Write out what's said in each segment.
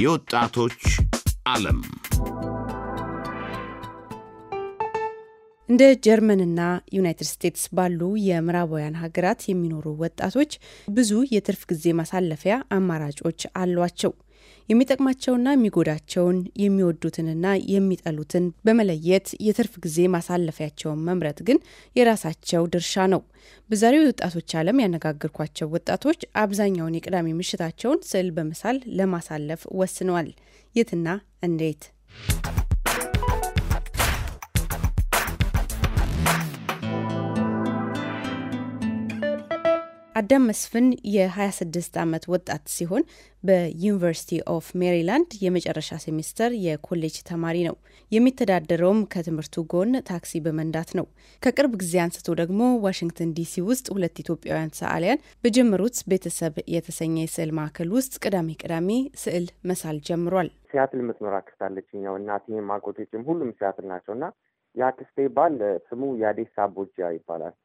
የወጣቶች ዓለም እንደ ጀርመንና ዩናይትድ ስቴትስ ባሉ የምዕራባውያን ሀገራት የሚኖሩ ወጣቶች ብዙ የትርፍ ጊዜ ማሳለፊያ አማራጮች አሏቸው። የሚጠቅማቸውና የሚጎዳቸውን የሚወዱትንና የሚጠሉትን በመለየት የትርፍ ጊዜ ማሳለፊያቸውን መምረጥ ግን የራሳቸው ድርሻ ነው። በዛሬው የወጣቶች ዓለም ያነጋግርኳቸው ወጣቶች አብዛኛውን የቅዳሜ ምሽታቸውን ስዕል በመሳል ለማሳለፍ ወስነዋል። የትና እንዴት? አዳም መስፍን የ26 ዓመት ወጣት ሲሆን በዩኒቨርሲቲ ኦፍ ሜሪላንድ የመጨረሻ ሴሚስተር የኮሌጅ ተማሪ ነው። የሚተዳደረውም ከትምህርቱ ጎን ታክሲ በመንዳት ነው። ከቅርብ ጊዜ አንስቶ ደግሞ ዋሽንግተን ዲሲ ውስጥ ሁለት ኢትዮጵያውያን ሰዓሊያን በጀመሩት ቤተሰብ የተሰኘ የስዕል ማዕከል ውስጥ ቅዳሜ ቅዳሜ ስዕል መሳል ጀምሯል። ሲያትል የምትኖር አክስት ኛው ያው ማጎቴችም ሁሉም ሲያትል ናቸው እና የአክስቴ ባል ስሙ ያዴሳ ቦጃ ይባላል።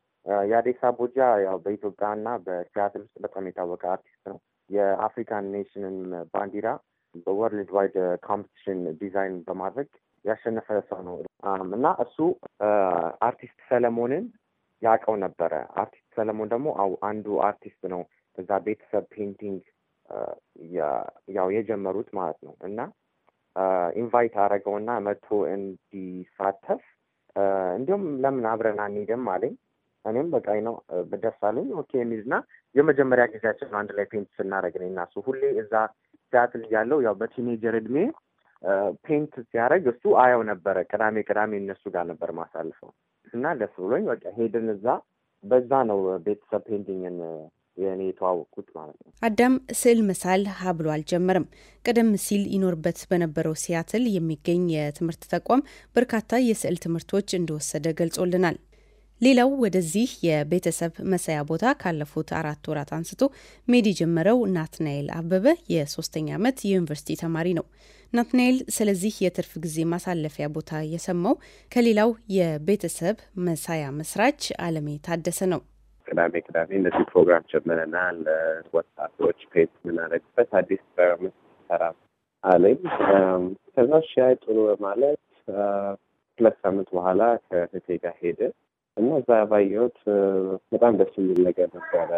የአዴስ አቦጃ ያው በኢትዮጵያና በቲያትር ውስጥ በጣም የታወቀ አርቲስት ነው። የአፍሪካን ኔሽንን ባንዲራ በወርልድ ዋይድ ኮምፒቲሽን ዲዛይን በማድረግ ያሸነፈ ሰው ነው እና እሱ አርቲስት ሰለሞንን ያውቀው ነበረ። አርቲስት ሰለሞን ደግሞ አንዱ አርቲስት ነው እዛ ቤተሰብ ፔንቲንግ ያው የጀመሩት ማለት ነው እና ኢንቫይት አደረገውና መጥቶ እንዲሳተፍ እንዲሁም ለምን አብረን አንሄድም አለኝ። እኔም በቃ ነው ደስ አለኝ ኦኬ የሚልና የመጀመሪያ ጊዜያችን አንድ ላይ ፔንት ስናደረግ ነው እናሱ ሁሌ እዛ ሲያትል ያለው ያው በቲኔጀር እድሜ ፔንት ሲያደረግ እሱ አየው ነበረ። ቅዳሜ ቅዳሜ እነሱ ጋር ነበር ማሳልፈው እና ደስ ብሎኝ በቃ ሄድን እዛ። በዛ ነው ቤተሰብ ፔንቲንግን የእኔ የተዋወቅኩት ማለት ነው። አዳም ስዕል መሳል ሀ ብሎ አልጀመርም። ቀደም ሲል ይኖርበት በነበረው ሲያትል የሚገኝ የትምህርት ተቋም በርካታ የስዕል ትምህርቶች እንደወሰደ ገልጾልናል። ሌላው ወደዚህ የቤተሰብ መሳያ ቦታ ካለፉት አራት ወራት አንስቶ ሜድ የጀመረው ናትናኤል አበበ የሶስተኛ ዓመት የዩኒቨርሲቲ ተማሪ ነው። ናትናኤል ስለዚህ የትርፍ ጊዜ ማሳለፊያ ቦታ የሰማው ከሌላው የቤተሰብ መሳያ መስራች አለሜ ታደሰ ነው። ቅዳሜ ቅዳሜ እንደዚህ ፕሮግራም ጀመረና ለወጣቶች ፔት የምናደርግበት አዲስ ፕሮግራም ሰራ አለኝ። ከዛ ሻይ ጥሩ በማለት ሁለት ሳምንት በኋላ ከህቴ ጋር ሄደ እና እዛ ባየሁት በጣም ደስ የሚል ነገር ነበረ።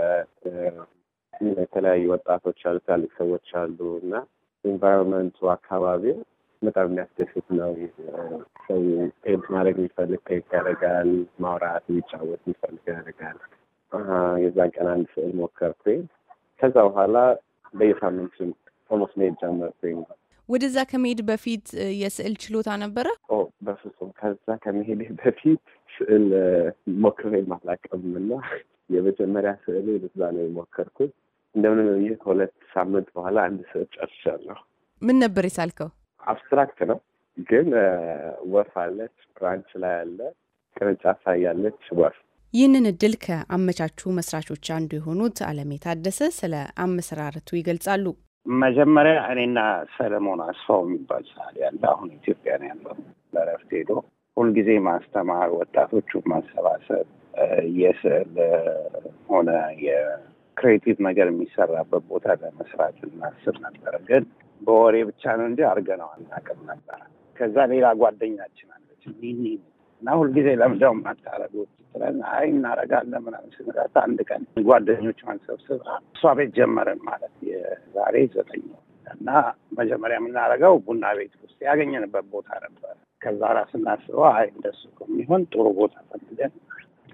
የተለያዩ ወጣቶች አሉ፣ ትላልቅ ሰዎች አሉ እና ኢንቫይሮንመንቱ አካባቢው በጣም የሚያስደስት ነው። ሰው ቴድ ማድረግ የሚፈልግ ቴድ ያደርጋል። ማውራት የሚጫወት የሚፈልግ ያደርጋል። የዛን ቀን አንድ ስዕል ሞከርኩኝ። ከዛ በኋላ በየሳምንቱ ኦልሞስት መሄድ ጀመርኩኝ። ወደዛ ከመሄድ በፊት የስዕል ችሎታ ነበረ? ኦ በፍጹም ከዛ ከመሄድ በፊት ስዕል ሞክሬ አላውቅም እና የመጀመሪያ ስዕል በዛ ነው የሞከርኩት። እንደምንም ይህ ከሁለት ሳምንት በኋላ አንድ ስዕል ጨርሻለሁ። ምን ነበር የሳልከው? አብስትራክት ነው ግን ወፍ አለች፣ ብራንች ላይ አለ፣ ቅርንጫፍ ላይ ያለች ወፍ ይህንን እድል ከአመቻቹ መስራቾች አንዱ የሆኑት አለሜ ታደሰ ስለ አመሰራረቱ ይገልጻሉ። መጀመሪያ እኔና ሰለሞን አስፋው የሚባል ሰዓሊ ያለ አሁን ኢትዮጵያ ነው ያለው ለረፍት ሄዶ ሁልጊዜ ማስተማር፣ ወጣቶቹ ማሰባሰብ የስዕል ሆነ የክሬቲቭ ነገር የሚሰራበት ቦታ ለመስራት እናስብ ነበር። ግን በወሬ ብቻ ነው እንጂ አድርገነው አናውቅም ነበር። ከዛ ሌላ ጓደኛችን አለች ሚኒ እና ሁልጊዜ ለምደውም አታረጉት ስለን አይ እናረጋለን ምናምን ስንላት አንድ ቀን ጓደኞች ማንሰብስብ እሷ ቤት ጀመርን ማለት የዛሬ ዘጠኝ እና መጀመሪያ የምናረገው ቡና ቤት ውስጥ ያገኘንበት ቦታ ነበር። ከዛ ራ እናስበ አይ እንደሱ ከሚሆን ጥሩ ቦታ ፈልገን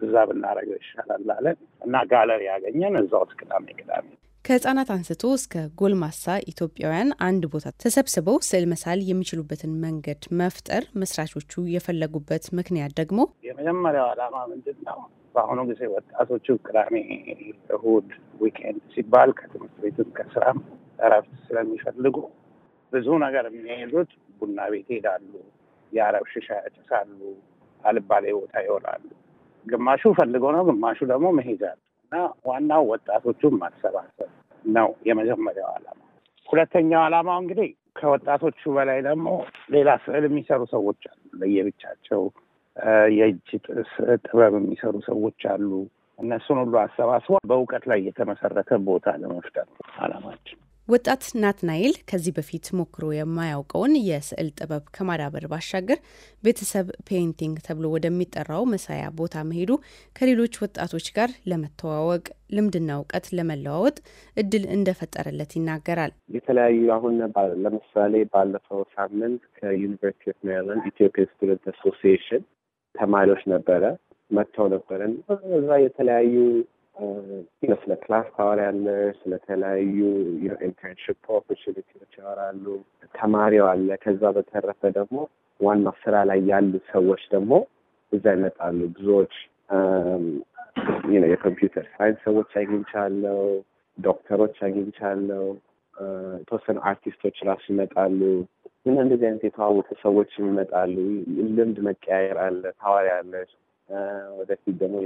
እዛ ብናረገው ይሻላል አለን እና ጋለሪ ያገኘን እዛው ቅዳሜ ቅዳሜ ከህጻናት አንስቶ እስከ ጎልማሳ ኢትዮጵያውያን አንድ ቦታ ተሰብስበው ስዕል መሳል የሚችሉበትን መንገድ መፍጠር መስራቾቹ የፈለጉበት ምክንያት ደግሞ የመጀመሪያው ዓላማ ምንድን ነው? በአሁኑ ጊዜ ወጣቶቹ ቅዳሜ፣ እሁድ፣ ዊኬንድ ሲባል ከትምህርት ቤትም ከስራም እረፍት ስለሚፈልጉ ብዙ ነገር የሚሄዱት ቡና ቤት ይሄዳሉ፣ የአረብ ሽሻ ያጭሳሉ፣ አልባሌ ቦታ ይወራሉ። ግማሹ ፈልገው ነው፣ ግማሹ ደግሞ መሄጃ እና ዋናው ወጣቶቹን ማሰባ ነው የመጀመሪያው ዓላማ። ሁለተኛው ዓላማው እንግዲህ ከወጣቶቹ በላይ ደግሞ ሌላ ስዕል የሚሰሩ ሰዎች አሉ ለየብቻቸው የእጅ ጥበብ የሚሰሩ ሰዎች አሉ። እነሱን ሁሉ አሰባስቦ በእውቀት ላይ የተመሰረተ ቦታ ለመፍጠር ዓላማ ወጣት ናትናኤል ከዚህ በፊት ሞክሮ የማያውቀውን የስዕል ጥበብ ከማዳበር ባሻገር ቤተሰብ ፔይንቲንግ ተብሎ ወደሚጠራው መሳያ ቦታ መሄዱ ከሌሎች ወጣቶች ጋር ለመተዋወቅ ልምድና እውቀት ለመለዋወጥ እድል እንደፈጠረለት ይናገራል። የተለያዩ አሁን ለምሳሌ ባለፈው ሳምንት ከዩኒቨርሲቲ ኦፍ ሜሪላንድ ኢትዮጵያ ስቱደንት አሶሲዬሽን ተማሪዎች ነበረ መጥተው ነበረ እዛ የተለያዩ ስለ ክላስ ፓወር ያለ ስለተለያዩ የኢንተርንሽፕ ኦፖርቹኒቲዎች ያወራሉ። ተማሪው አለ። ከዛ በተረፈ ደግሞ ዋናው ስራ ላይ ያሉ ሰዎች ደግሞ እዛ ይመጣሉ። ብዙዎች የኮምፒውተር ሳይንስ ሰዎች አግኝቻለው፣ ዶክተሮች አግኝቻለው፣ የተወሰኑ አርቲስቶች ራሱ ይመጣሉ ምን እንደዚህ አይነት የተዋወቁ ሰዎች ይመጣሉ። ልምድ መቀያየር አለ፣ ታዋሪ አለ። ወደፊት ደግሞ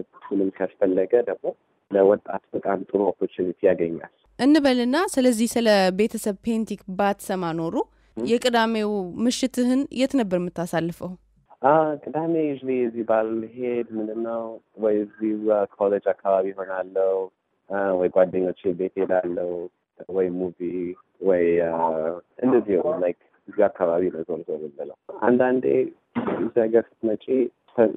እሱንም ካስፈለገ ደግሞ ለወጣት በጣም ጥሩ ኦፖርቹኒቲ ያገኛል እንበልና ስለዚህ ስለ ቤተሰብ ፔንቲክ ባትሰማ ኖሩ የቅዳሜው ምሽትህን የት ነበር የምታሳልፈው? ቅዳሜ ዩ እዚህ ባልሄድ ምንድነው ወይ እዚህ ኮሌጅ አካባቢ ሆናለው ወይ ጓደኞች ቤት ሄዳለው ወይ ሙቪ ወይ እንደዚህ ላይክ እዚህ አካባቢ ነው ዞር ዞር ብለው አንዳንዴ እዚህ ሀገር ስትመጪ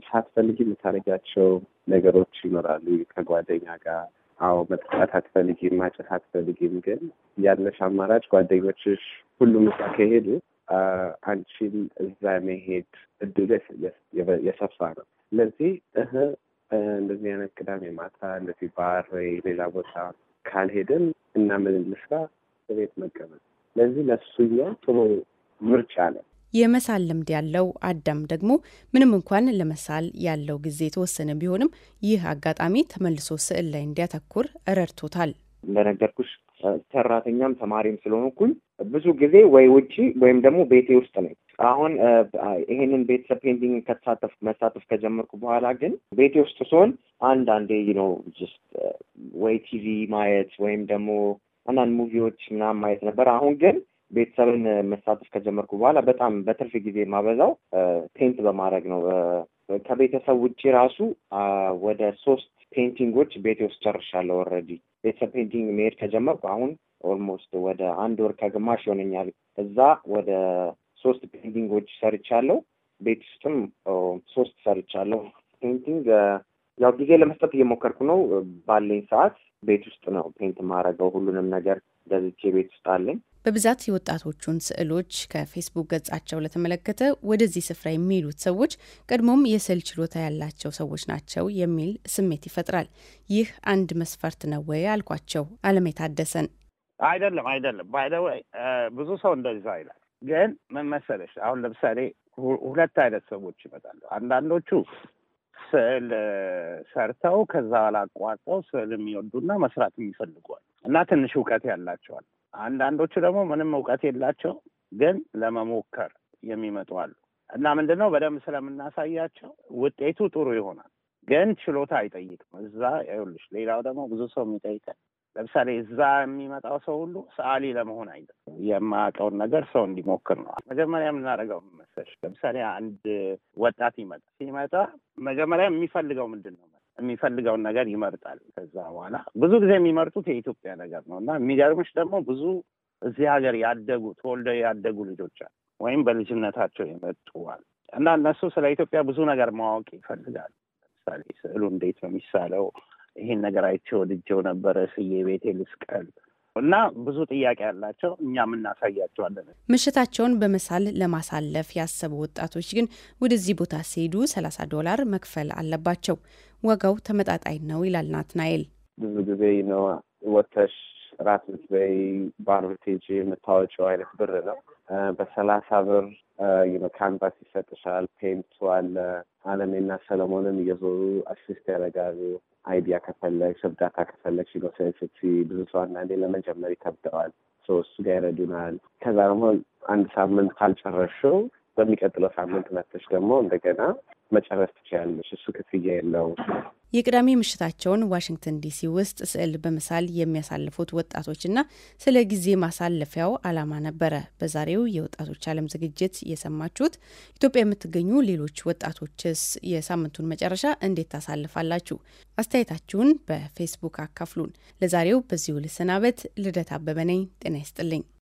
ሳትፈልጊ የምታደርጊያቸው ነገሮች ይኖራሉ። ከጓደኛ ጋር አዎ፣ መጠጣት አትፈልጊም፣ ማጨት አትፈልጊም። ግን ያለሽ አማራጭ ጓደኞችሽ ሁሉም እዛ ከሄዱ አንቺን እዛ መሄድ እድሉ የሰፋ ነው። ስለዚህ እህ እንደዚህ አይነት ቅዳሜ ማታ እንደዚህ ባር ሌላ ቦታ ካልሄድን እና ምን ልስራ፣ እቤት መቀመጥ። ስለዚህ ለሱኛ ጥሩ ምርጫ ነው። የመሳል ልምድ ያለው አዳም ደግሞ ምንም እንኳን ለመሳል ያለው ጊዜ የተወሰነ ቢሆንም ይህ አጋጣሚ ተመልሶ ስዕል ላይ እንዲያተኩር ረድቶታል። እንደነገርኩሽ ሰራተኛም ተማሪም ስለሆንኩኝ ብዙ ጊዜ ወይ ውጪ ወይም ደግሞ ቤቴ ውስጥ ነኝ። አሁን ይሄንን ቤተሰብ ፔንቲንግ ከተሳተፍ መሳተፍ ከጀመርኩ በኋላ ግን ቤቴ ውስጥ ሲሆን አንዳንዴ ነው ወይ ቲቪ ማየት ወይም ደግሞ አንዳንድ ሙቪዎች ምናምን ማየት ነበር። አሁን ግን ቤተሰብን መሳተፍ ከጀመርኩ በኋላ በጣም በትርፍ ጊዜ ማበዛው ፔንት በማድረግ ነው። ከቤተሰብ ውጭ ራሱ ወደ ሶስት ፔንቲንጎች ቤቴ ውስጥ ጨርሻለሁ። ኦልሬዲ ቤተሰብ ፔንቲንግ መሄድ ከጀመርኩ አሁን ኦልሞስት ወደ አንድ ወር ከግማሽ ይሆነኛል። እዛ ወደ ሶስት ፔንቲንጎች ሰርቻለሁ። ቤት ውስጥም ሶስት ሰርቻለሁ። ፔንቲንግ ያው ጊዜ ለመስጠት እየሞከርኩ ነው። ባለኝ ሰዓት ቤት ውስጥ ነው ፔንት ማድረገው ሁሉንም ነገር ገዝቼ ቤት ውስጥ አለኝ። በብዛት የወጣቶቹን ስዕሎች ከፌስቡክ ገጻቸው ለተመለከተ ወደዚህ ስፍራ የሚሄዱት ሰዎች ቀድሞም የስዕል ችሎታ ያላቸው ሰዎች ናቸው የሚል ስሜት ይፈጥራል። ይህ አንድ መስፈርት ነው ወይ አልኳቸው አለሜ አይደለም አይደለም፣ ባይደወይ ብዙ ሰው ሰው ይላል። ግን ምን መሰለሽ፣ አሁን ለምሳሌ ሁለት አይነት ሰዎች ይመጣሉ። አንዳንዶቹ ስዕል ሰርተው ከዛ ላቋርጠው ስዕል የሚወዱና መስራት የሚፈልጓል እና ትንሽ እውቀት ያላቸዋል አንዳንዶቹ ደግሞ ምንም እውቀት የላቸው ግን ለመሞከር የሚመጡ አሉ እና ምንድነው በደንብ ስለምናሳያቸው ውጤቱ ጥሩ ይሆናል። ግን ችሎታ አይጠይቅም። እዛ ይኸውልሽ፣ ሌላው ደግሞ ብዙ ሰው የሚጠይቀን ለምሳሌ እዛ የሚመጣው ሰው ሁሉ ሰአሊ ለመሆን አይደ የማያውቀውን ነገር ሰው እንዲሞክር ነው። መጀመሪያ የምናደርገው መሰለሽ፣ ለምሳሌ አንድ ወጣት ይመጣ ሲመጣ መጀመሪያ የሚፈልገው ምንድን ነው የሚፈልገውን ነገር ይመርጣል። ከዛ በኋላ ብዙ ጊዜ የሚመርጡት የኢትዮጵያ ነገር ነው እና የሚገርምሽ ደግሞ ብዙ እዚህ ሀገር ያደጉ ተወልደው ያደጉ ልጆች አሉ፣ ወይም በልጅነታቸው የመጡዋል እና እነሱ ስለ ኢትዮጵያ ብዙ ነገር ማወቅ ይፈልጋል። ለምሳሌ ስዕሉ እንዴት ነው የሚሳለው? ይህን ነገር አይቼ ወድጄው ነበረ፣ ስዬ ቤቴ ልስቀል እና ብዙ ጥያቄ ያላቸው እኛም እናሳያቸዋለን። ምሽታቸውን በመሳል ለማሳለፍ ያሰቡ ወጣቶች ግን ወደዚህ ቦታ ሲሄዱ 30 ዶላር መክፈል አለባቸው። ዋጋው ተመጣጣኝ ነው ይላል ናትናኤል። ብዙ ጊዜ ነው ወተሽ ራት ምትበይ ባር ምትሄጂ የምታወጪው አይነት ብር ነው። በሰላሳ ብር ካንቫስ ይሰጥሻል፣ ፔንቱ አለ። አለሜና ሰለሞንም እየዞሩ አሲስት ያደርጋሉ። አይዲያ ከፈለግሽ እርዳታ ከፈለግሽ ኖሴንስቲ ብዙ ሰው አንዳንዴ ለመጀመር ይከብደዋል። እሱ ጋር ይረዱናል። ከዛ ደግሞ አንድ ሳምንት ካልጨረሽው በሚቀጥለው ሳምንት መተሽ ደግሞ እንደገና መጨረስ ትችያለሽ። እሱ ክፍያ የለው። የቅዳሜ ምሽታቸውን ዋሽንግተን ዲሲ ውስጥ ስዕል በመሳል የሚያሳልፉት ወጣቶችና ስለ ጊዜ ማሳለፊያው ዓላማ ነበረ። በዛሬው የወጣቶች ዓለም ዝግጅት የሰማችሁት። ኢትዮጵያ የምትገኙ ሌሎች ወጣቶችስ የሳምንቱን መጨረሻ እንዴት ታሳልፋላችሁ? አስተያየታችሁን በፌስቡክ አካፍሉን። ለዛሬው በዚሁ ልሰናበት። ልደት አበበ ነኝ። ጤና ይስጥልኝ።